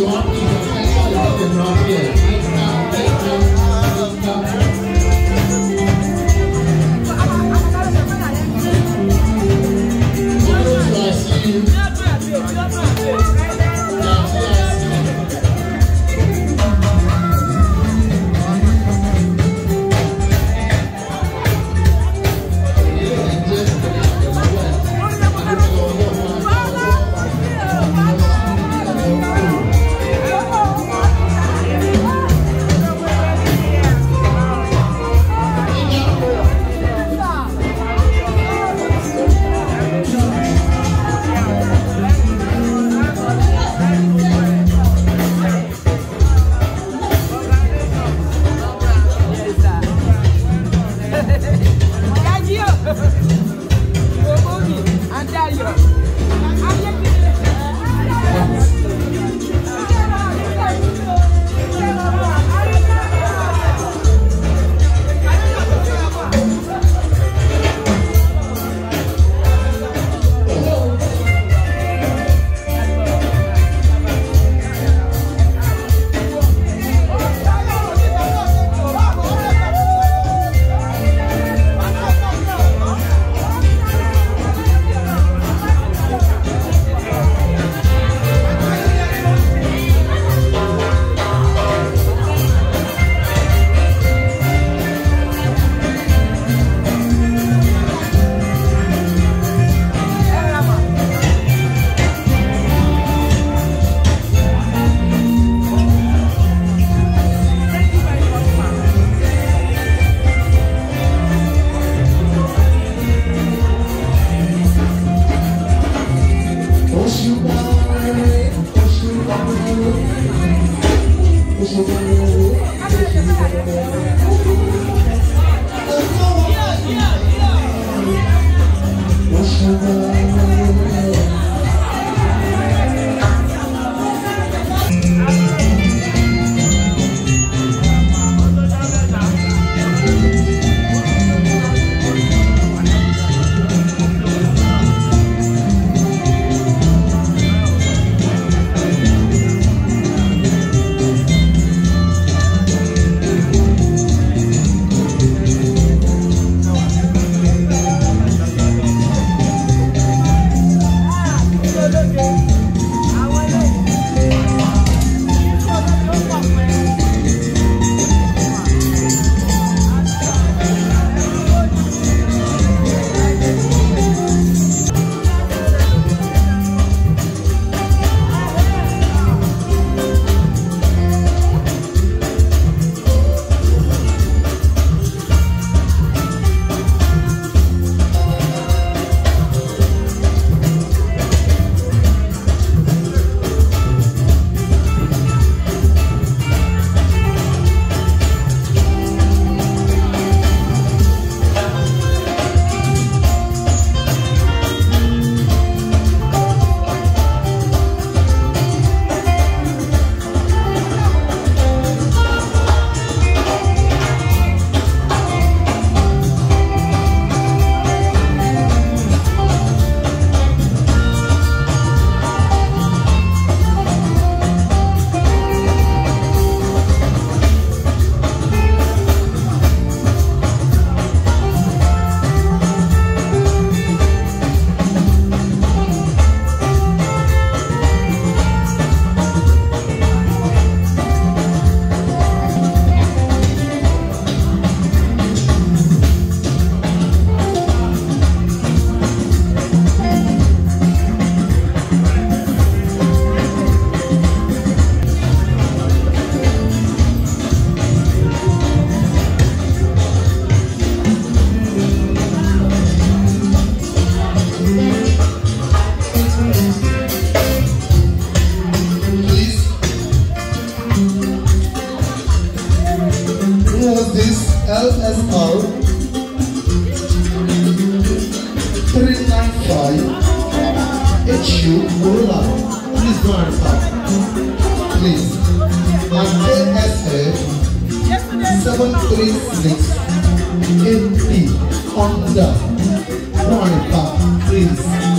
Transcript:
you want to get to the end. Thank you. have this LSR 395 HU Gorilla. Please don't answer. Please. And ASF 736 AP Honda, Don't answer. Please.